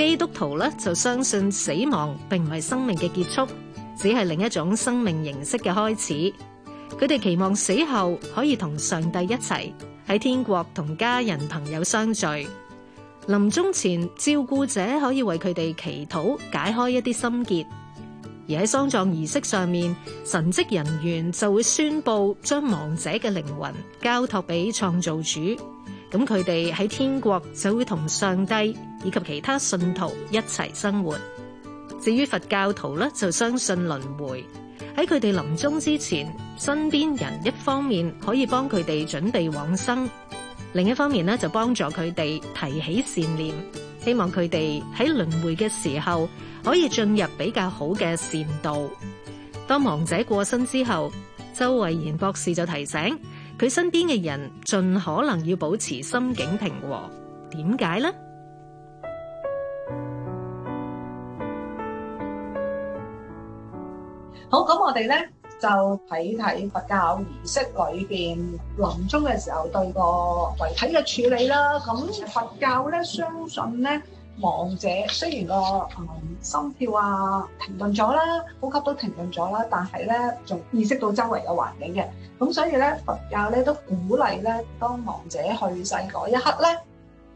基督徒咧就相信死亡並唔係生命嘅結束，只係另一種生命形式嘅開始。佢哋期望死後可以同上帝一齊喺天國同家人朋友相聚。臨終前照顧者可以為佢哋祈禱，解開一啲心結。而喺喪葬儀式上面，神職人員就會宣佈將亡者嘅靈魂交託俾創造主。咁佢哋喺天國就會同上帝以及其他信徒一齊生活。至於佛教徒咧，就相信輪迴。喺佢哋臨終之前，身邊人一方面可以幫佢哋準備往生，另一方面咧就幫助佢哋提起善念，希望佢哋喺輪迴嘅時候可以進入比較好嘅善道。當亡者過身之後，周惠賢博士就提醒，佢身邊嘅人盡可能要保持心境平和，點解咧？好，咁我哋咧就睇睇佛教儀式裏邊臨終嘅時候對個遺體嘅處理啦。咁佛教咧，相信咧。亡者雖然個、嗯、心跳啊停頓咗啦，呼吸都停頓咗啦，但係咧仲意識到周圍嘅環境嘅，咁所以咧佛教咧都鼓勵咧，當亡者去世嗰一刻咧，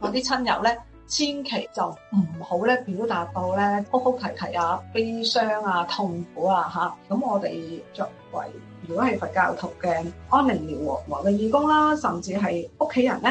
我啲親友咧千祈就唔好咧表達到咧哭哭啼，啼啼啊、悲傷啊、痛苦啊吓，咁、啊、我哋作為如果係佛教徒嘅安寧療護嘅義工啦、啊，甚至係屋企人咧。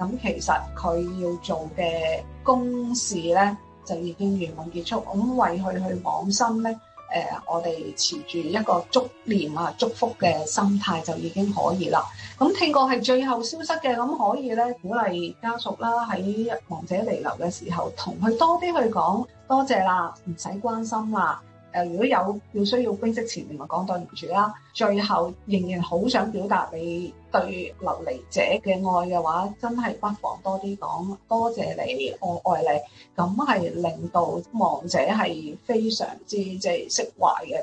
咁其實佢要做嘅公事咧，就已經圓滿結束。咁為佢去往生咧，誒、呃，我哋持住一個祝念啊、祝福嘅心態就已經可以啦。咁聽過係最後消失嘅，咁可以咧鼓勵家屬啦，喺亡者彌留嘅時候，同佢多啲去講多謝啦，唔使關心啦。誒如果有要需要悲戚前面，咪講對唔住啦。最後仍然好想表達你對流離者嘅愛嘅話，真係不妨多啲講多謝你，我愛你。咁係令到亡者係非常之即係釋懷嘅。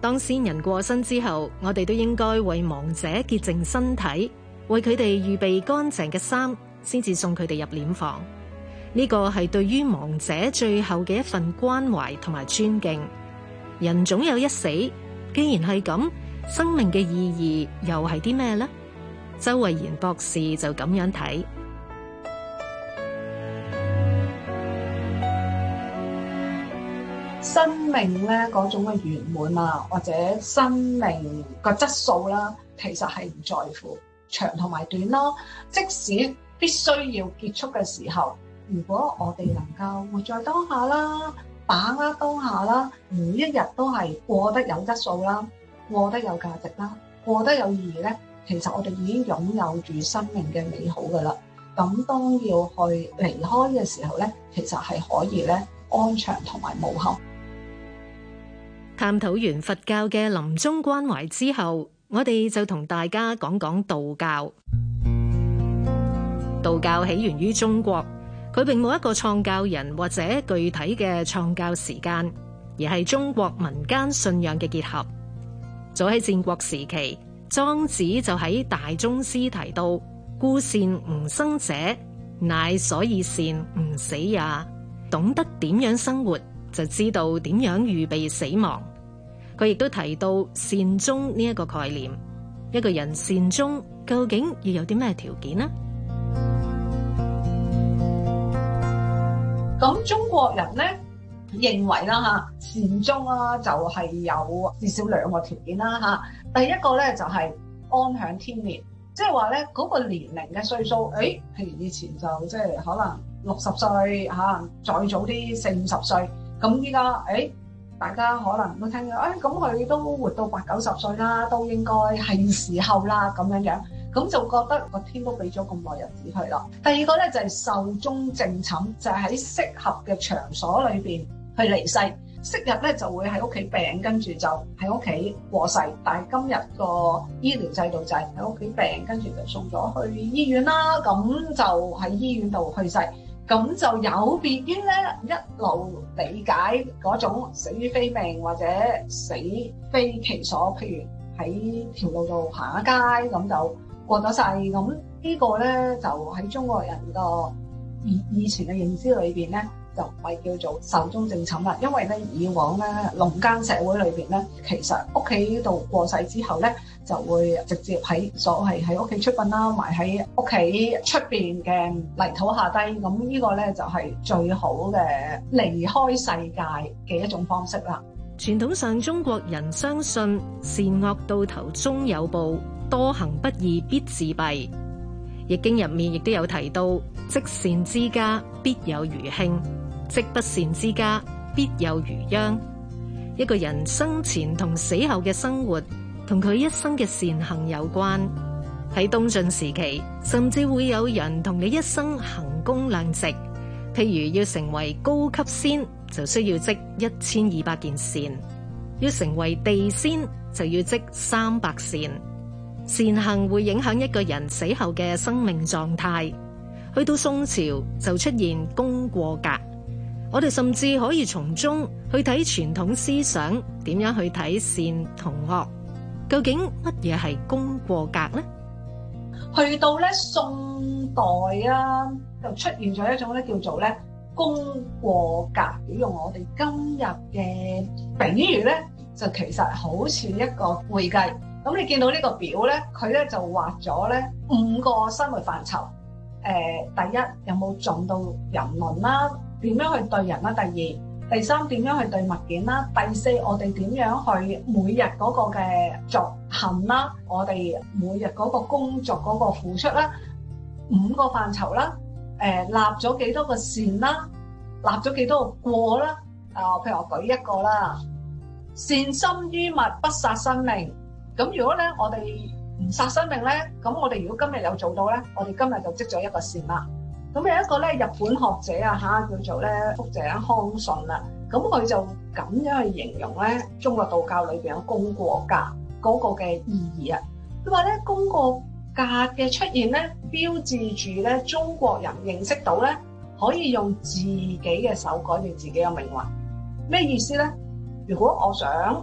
當先人過身之後，我哋都應該為亡者潔淨身體，為佢哋預備乾淨嘅衫，先至送佢哋入殮房。呢個係對於亡者最後嘅一份關懷同埋尊敬。人總有一死，既然係咁，生命嘅意義又係啲咩呢？周惠賢博士就咁樣睇生命呢嗰種嘅圓滿啊，或者生命個質素啦，其實係唔在乎長同埋短咯。即使必須要結束嘅時候，如果我哋能夠活在當下啦，把握當下啦，每一日都係過得有質素啦，過得有價值啦，過得有意義咧，其實我哋已經擁有住生命嘅美好噶啦。咁當要去離開嘅時候咧，其實係可以咧安詳同埋無憾。探討完佛教嘅臨終關懷之後，我哋就同大家講講道教。道教起源於中國。佢並冇一個創教人或者具體嘅創教時間，而係中國民間信仰嘅結合。早喺戰國時期，莊子就喺《大宗師》提到：故善吾生者，乃所以善吾死也。懂得點樣生活，就知道點樣預備死亡。佢亦都提到善終呢一個概念。一個人善終，究竟要有啲咩條件呢？咁中國人咧認為啦嚇善終啦就係有至少兩個條件啦嚇，第一個咧就係安享天年，即係話咧嗰個年齡嘅歲數，誒、哎，譬如以前就即係可能六十歲嚇，再早啲四五十歲，咁依家誒，大家可能都聽到，誒咁佢都活到八九十歲啦，都應該係時候啦咁樣樣。咁就覺得個天都俾咗咁耐日子去啦。第二個咧就係壽終正寢，就係喺適合嘅場所裏邊去離世。昔日咧就會喺屋企病，跟住就喺屋企過世。但係今日個醫療制度就係喺屋企病，跟住就送咗去醫院啦。咁就喺醫院度去世，咁就有別於咧一路理解嗰種死於非命或者死非其所，譬如喺條路度行下街咁就，過咗世，咁呢個咧就喺中國人個以以前嘅認知裏邊咧，就咪叫做壽終正寢啦。因為咧以往咧農耕社會裏邊咧，其實屋企度過世之後咧，就會直接喺所謂喺屋企出殯啦，埋喺屋企出邊嘅泥土下低。咁呢個咧就係、是、最好嘅離開世界嘅一種方式啦。傳統上中國人相信善惡到頭終有報。多行不義必自斃，《易經》入面亦都有提到，積善之家必有餘慶，積不善之家必有餘殃。一個人生前同死後嘅生活，同佢一生嘅善行有關。喺東晉時期，甚至會有人同你一生行功量值，譬如要成為高級仙，就需要積一千二百件善；要成為地仙，就要積三百善。善行會影響一個人死後嘅生命狀態，去到宋朝就出現功過格，我哋甚至可以從中去睇傳統思想點樣去睇善同惡。究竟乜嘢係功過格呢？去到咧宋代啊，就出現咗一種咧叫做咧功過格。用我哋今日嘅比喻咧，就其實好似一個會計。咁你見到呢個表咧，佢咧就畫咗咧五個生活範疇。誒，第一有冇盡到人倫啦？點樣去對人啦？第二、第三點樣去對物件啦？第四，我哋點樣去每日嗰個嘅作行啦？我哋每日嗰個工作嗰個付出啦？五個範疇啦？誒，立咗幾多個善啦？立咗幾多個過啦？啊，譬如我舉一個啦，善心於物，不殺生命。咁如果咧，我哋唔殺生命咧，咁我哋如果今日有做到咧，我哋今日就積咗一個善啦。咁有一個咧，日本學者啊嚇，叫做咧福井康順啦。咁佢就咁樣去形容咧，中國道教裏邊有功過格嗰個嘅意義啊。佢話咧，功過格嘅出現咧，標誌住咧中國人認識到咧，可以用自己嘅手改變自己嘅命運。咩意思咧？如果我想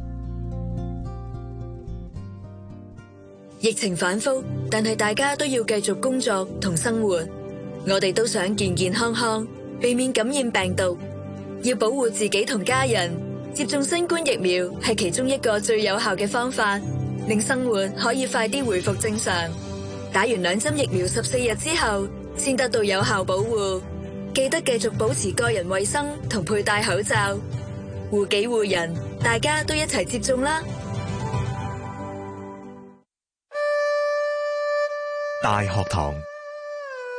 疫情反覆，但係大家都要繼續工作同生活。我哋都想健健康康，避免感染病毒，要保護自己同家人。接種新冠疫苗係其中一個最有效嘅方法，令生活可以快啲回復正常。打完兩針疫苗十四日之後，先得到有效保護。記得繼續保持個人衛生同佩戴口罩，護己護人，大家都一齊接種啦！大學堂，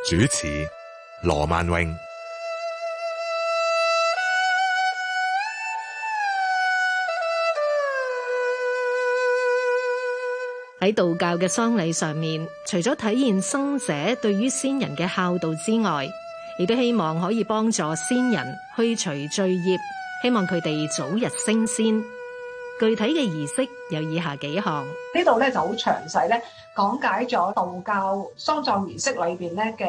主持羅萬榮。喺道教嘅喪禮上面，除咗體現生者對於先人嘅孝道之外，亦都希望可以幫助先人去除罪孽，希望佢哋早日升仙。具體嘅儀式有以下幾項，呢度咧就好詳細咧講解咗道教喪葬儀式裏邊咧嘅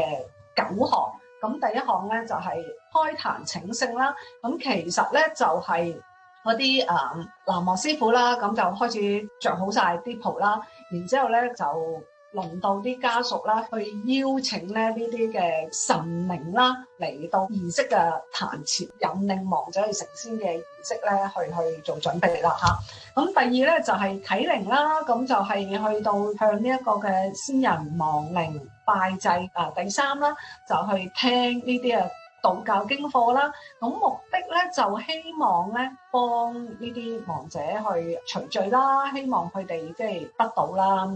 九項，咁第一項咧就係開壇請聖啦，咁其實咧就係嗰啲啊南無師傅啦，咁就開始着好晒啲袍啦，然之後咧就。輪到啲家屬啦，去邀請咧呢啲嘅神靈啦，嚟到儀式嘅壇前，引領亡者去成仙嘅儀式咧，去去做準備啦嚇。咁、啊、第二咧就係、是、啟靈啦，咁就係去到向呢一個嘅先人亡靈拜祭啊。第三啦就去聽呢啲啊道教經課啦。咁目的咧就希望咧幫呢啲亡者去除罪啦，希望佢哋即係得到啦。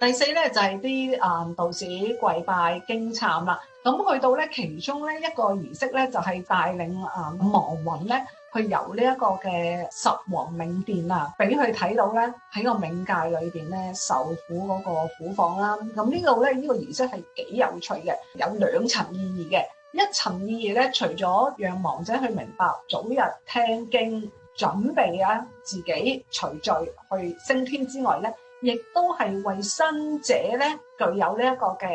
第四咧就係啲啊道士跪拜經懺啦，咁去到咧其中咧一個儀式咧就係帶領啊亡魂咧去遊呢一個嘅十王冥殿啊，俾佢睇到咧喺個冥界裏邊咧受苦嗰個苦況啦。咁呢度咧呢個儀式係幾有趣嘅，有兩層意義嘅。一層意義咧，除咗讓亡者去明白早日聽經準備啊自己除罪去升天之外咧，亦都係為生者咧具有呢一個嘅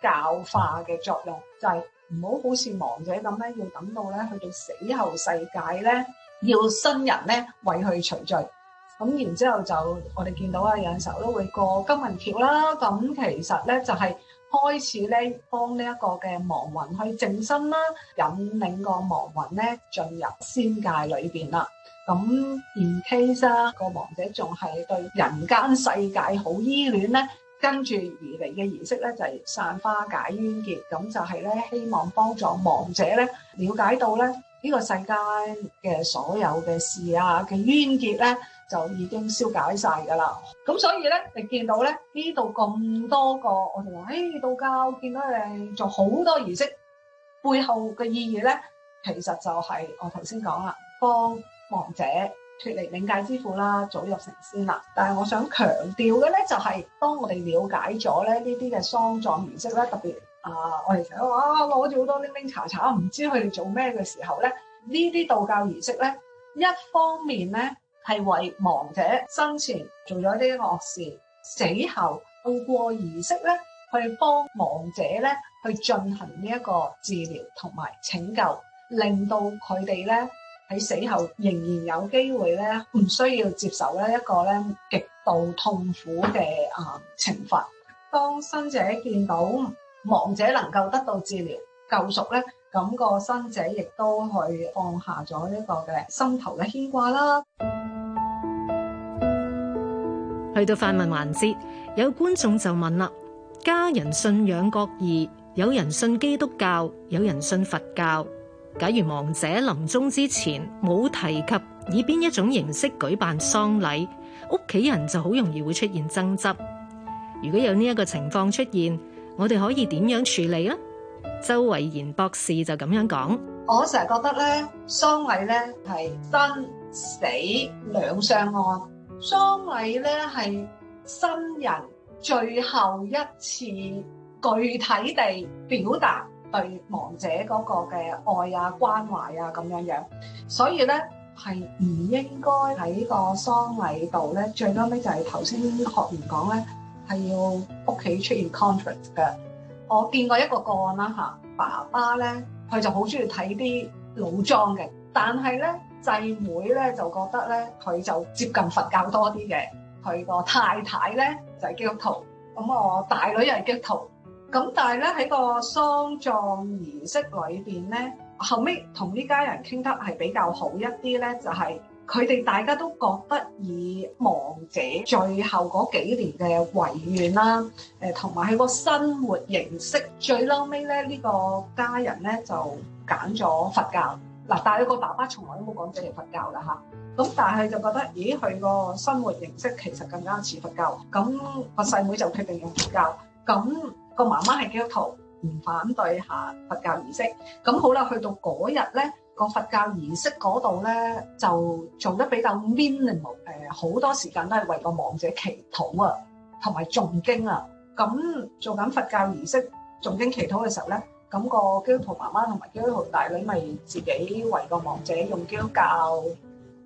教化嘅作用，就係、是、唔好好似亡者咁咧，要等到咧去到死後世界咧，要新人咧為去除罪。咁然之後就我哋見到啊，有陣時候都會過金雲橋啦。咁其實咧就係、是、開始咧幫呢一個嘅亡魂去淨身啦，引領個亡魂咧進入仙界裏邊啦。咁現 case 啦，個亡者仲係對人間世界好依戀咧，跟住而嚟嘅儀式咧就係散花解冤結，咁就係咧希望幫助亡者咧了解到咧呢個世界嘅所有嘅事啊嘅冤結咧就已經消解晒㗎喇。咁所以咧，你見到咧呢度咁多個，我哋話誒道教見到你做好多儀式，背後嘅意義咧，其實就係我頭先講啦，幫。亡者脫離冥界之苦啦，早日成仙啦。但係我想強調嘅咧、就係，就係當我哋了解咗咧呢啲嘅喪葬儀式咧，特別啊，我哋成日話啊，攞住好多拎拎查查，唔知佢哋做咩嘅時候咧，呢啲道教儀式咧，一方面咧係為亡者生前做咗啲惡事，死後透過儀式咧去幫亡者咧去進行呢一個治療同埋拯救，令到佢哋咧，喺死後仍然有機會咧，唔需要接受呢一個咧極度痛苦嘅啊懲罰。當生者見到亡者能夠得到治療救贖咧，咁個生者亦都去放下咗呢個嘅心頭嘅牽掛啦。去到泛問環節，有觀眾就問啦：家人信仰各異，有人信基督教，有人信佛教。假如亡者臨終之前冇提及以邊一種形式舉辦喪禮，屋企人就好容易會出現爭執。如果有呢一個情況出現，我哋可以點樣處理啊？周惠賢博士就咁樣講：我成日覺得咧，喪禮咧係生死兩相安，喪禮咧係新人最後一次具體地表達。對亡者嗰個嘅愛啊、關懷啊咁樣樣，所以咧係唔應該喺個喪禮度咧，最啱啱就係頭先學員講咧，係要屋企出現 contract 嘅。我見過一個個案啦嚇、啊，爸爸咧佢就好中意睇啲老莊嘅，但係咧細妹咧就覺得咧佢就接近佛教多啲嘅，佢個太太咧就係、是、基督徒，咁我大女又係基督徒。咁但係咧喺個喪葬儀式裏邊咧，後尾同呢家人傾得係比較好一啲咧，就係佢哋大家都覺得以亡者最後嗰幾年嘅遺願啦，誒同埋佢個生活形式最嬲尾咧，呢個家人咧就揀咗佛教嗱，但係佢個爸爸從來都冇講自己係佛教啦嚇，咁但係就覺得咦佢個生活形式其實更加似佛教，咁個細妹就決定用佛教咁。個媽媽係基督徒，唔反對下佛教儀式。咁好啦，去到嗰日咧，個佛教儀式嗰度咧就做得比較 minimal。誒，好多時間都係為個亡者祈禱啊，同埋誦經啊。咁做緊佛教儀式、誦經祈禱嘅時候咧，咁個基督徒媽媽同埋基督徒大女咪自己為個亡者用基督教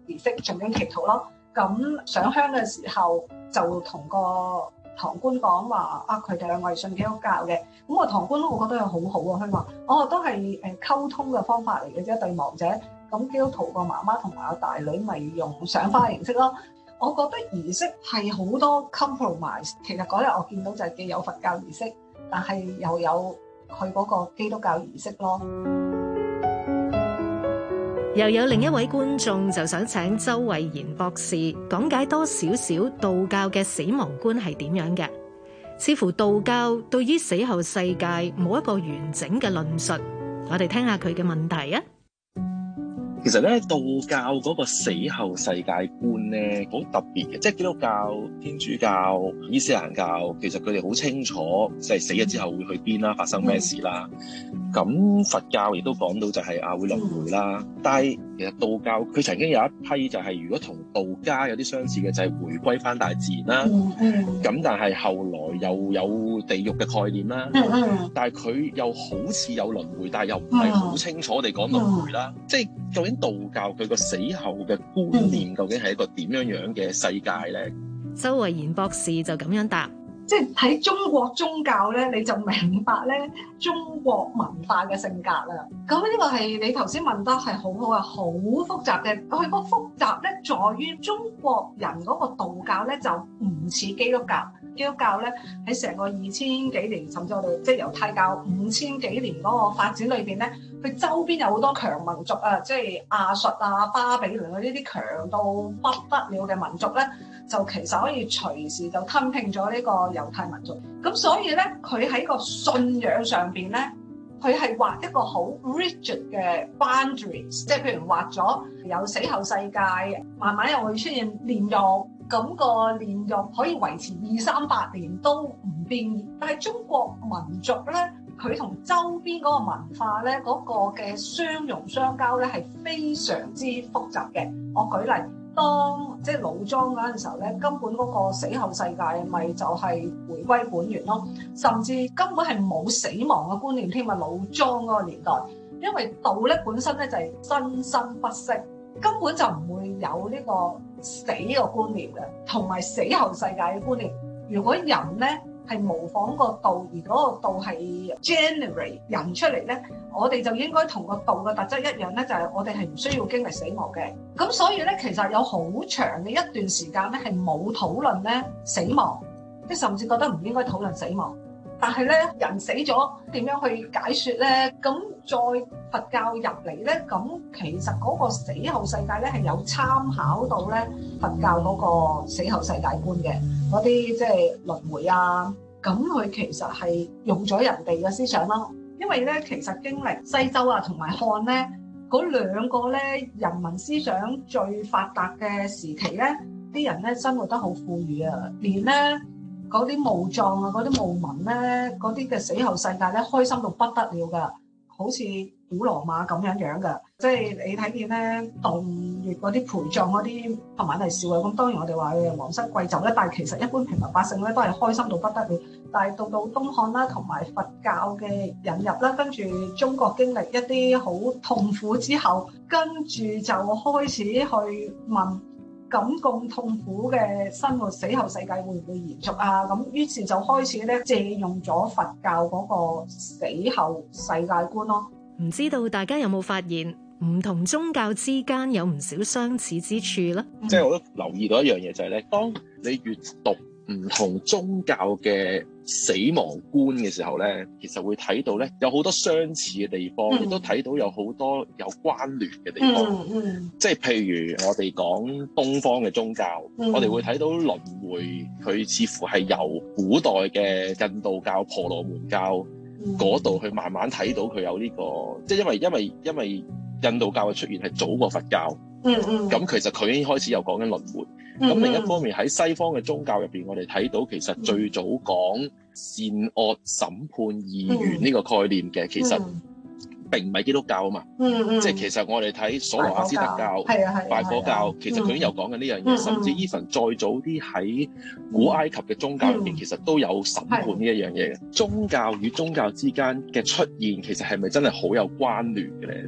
儀式誦經祈禱咯。咁上香嘅時候就同個堂官講話啊，佢哋兩個係信基督教嘅，咁、嗯、我堂官都覺得佢好好啊。佢話：我、哦、都係誒溝通嘅方法嚟嘅啫，對亡者，咁、嗯、基督徒個媽媽同埋我大女咪用賞花嘅形式咯。我覺得儀式係好多 compromise。其實嗰日我見到就係既有佛教儀式，但係又有佢嗰個基督教儀式咯。又有另一位觀眾就想請周惠賢博士講解多少少道教嘅死亡觀係點樣嘅？似乎道教對於死後世界冇一個完整嘅論述，我哋聽下佢嘅問題啊！其實咧道教嗰個死後世界觀咧好特別嘅，即係基督教、天主教、伊斯蘭教，其實佢哋好清楚，即係死咗之後會去邊啦，發生咩事啦。咁的佛教亦都講到就係啊會輪迴啦，的但係其實道教佢曾經有一批就係如果同道家有啲相似嘅，就係、是、回歸返大自然啦。咁的但係後來又有地獄嘅概念啦的。但係佢又好似有輪迴，但係又唔係好清楚地講輪迴啦，即係的。的究竟道教佢個死後嘅觀念究竟係一個點樣樣嘅世界咧？周惠賢博士就咁樣答。即係喺中國宗教咧，你就明白咧中國文化嘅性格啦。咁、這、呢個係你頭先問得係好好啊，好複雜嘅。佢個複雜咧，在於中國人嗰個道教咧就唔似基督教。基督教咧喺成個二千幾年，甚至我哋即係猶太教五千幾年嗰個發展裏邊咧，佢周邊有好多強民族啊，即係亞述啊、巴比倫啊呢啲強到不得了嘅民族咧。就其實可以隨時就吞併咗呢個猶太民族，咁所以呢，佢喺個信仰上邊呢，佢係畫一個好 rigid 嘅 boundaries，即係譬如畫咗有死後世界，慢慢又會出現煉獄，咁、那個煉獄可以維持二三百年都唔變。但係中國民族呢，佢同周邊嗰個文化呢，嗰、那個嘅相融相交呢，係非常之複雜嘅。我舉例。當即係老莊嗰陣時候咧，根本嗰個死後世界咪就係回歸本源咯，甚至根本係冇死亡嘅觀念添啊！老莊嗰個年代，因為道咧本身咧就係生生不息，根本就唔會有呢個死嘅觀念嘅，同埋死後世界嘅觀念。如果人咧，係模仿個道，而嗰個道係 generate 人出嚟咧，我哋就應該同個道嘅特質一樣咧，就係我哋係唔需要經歷死亡嘅。咁所以咧，其實有好長嘅一段時間咧，係冇討論咧死亡，即甚至覺得唔應該討論死亡。但係咧，人死咗點樣去解説咧？咁再佛教入嚟咧，咁其實嗰個死後世界咧係有參考到咧佛教嗰個死後世界觀嘅，嗰啲即係輪迴啊。咁佢其實係用咗人哋嘅思想咯。因為咧，其實經歷西周啊同埋漢咧嗰兩個咧人民思想最發達嘅時期咧，啲人咧生活得好富裕啊，連咧～嗰啲墓葬啊，嗰啲墓民咧，嗰啲嘅死後世界咧，開心到不得了噶，好似古羅馬咁樣樣噶，即係你睇見咧，洞穴嗰啲陪葬嗰啲，同埋嚟笑啊！咁當然我哋話嘅皇室貴族咧，但係其實一般平民百姓咧，都係開心到不得了。但係到到東漢啦，同埋佛教嘅引入啦，跟住中國經歷一啲好痛苦之後，跟住就開始去問。咁咁痛苦嘅生活，死後世界會唔會延續啊？咁於是就開始咧借用咗佛教嗰個死後世界觀咯。唔知道大家有冇發現，唔同宗教之間有唔少相似之處咧。嗯、即係我都留意到一樣嘢，就係咧，當你閱讀唔同宗教嘅死亡觀嘅時候呢，其實會睇到呢有好多相似嘅地方，亦、嗯、都睇到有好多有關聯嘅地方。嗯嗯、即係譬如我哋講東方嘅宗教，嗯、我哋會睇到輪迴，佢似乎係由古代嘅印度教婆羅門教嗰度去慢慢睇到佢有呢、這個，即係因為因為因為印度教嘅出現係早過佛教，嗯嗯，咁、嗯嗯、其實佢已經開始有講緊輪迴。咁、um, 另一方面喺西方嘅宗教入邊，我哋睇到其實最早講善惡審判二元呢個概念嘅，其實並唔係基督教啊嘛。Um, um, 即係其實我哋睇所羅亞斯德教、拜火教，其實佢已經有講緊呢樣嘢。Um, 甚至伊 v 再早啲喺古埃及嘅宗教入邊，其實都有審判呢一樣嘢嘅。Um, um, 嗯啊、宗教與宗教之間嘅出現，其實係咪真係好有關聯嘅咧？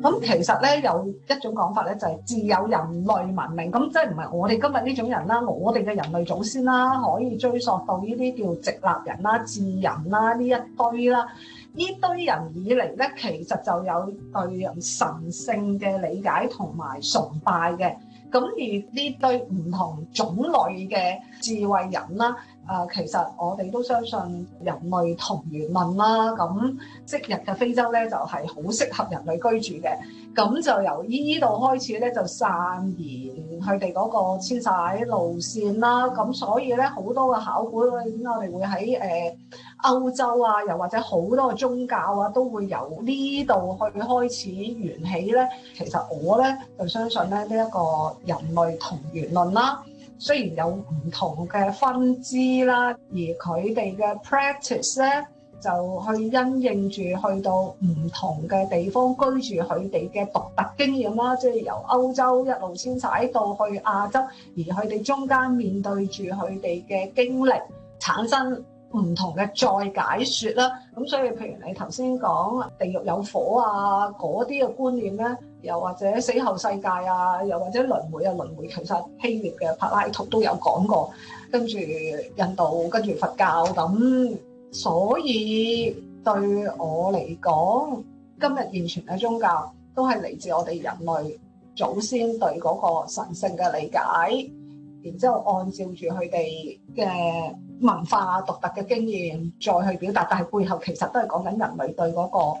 咁其實咧有一種講法咧，就係自有人類文明，咁即係唔係我哋今日呢種人啦，我哋嘅人類祖先啦，可以追溯到呢啲叫直立人啦、智人啦呢一堆啦，呢堆人以嚟咧，其實就有對神聖嘅理解同埋崇拜嘅，咁而呢堆唔同種類嘅智慧人啦。啊，其實我哋都相信人類同源論啦。咁即日嘅非洲咧就係、是、好適合人類居住嘅，咁就由呢度開始咧就散延佢哋嗰個遷徙喺路線啦。咁所以咧好多嘅考古，我哋會喺誒、呃、歐洲啊，又或者好多嘅宗教啊都會由呢度去開始源起咧。其實我咧就相信咧呢一個人類同源論啦。雖然有唔同嘅分支啦，而佢哋嘅 practice 咧就去因應住去到唔同嘅地方居住，佢哋嘅獨特經驗啦，即係由歐洲一路先踩到去亞洲，而佢哋中間面對住佢哋嘅經歷，產生唔同嘅再解說啦。咁所以譬如你頭先講，地獄有火啊嗰啲嘅觀念咧。又或者死後世界啊，又或者輪迴啊，輪迴其實希臘嘅柏拉圖都有講過，跟住印度，跟住佛教咁，所以對我嚟講，今日現存嘅宗教都係嚟自我哋人類祖先對嗰個神聖嘅理解，然之後按照住佢哋嘅文化獨特嘅經驗再去表達，但係背後其實都係講緊人類對嗰個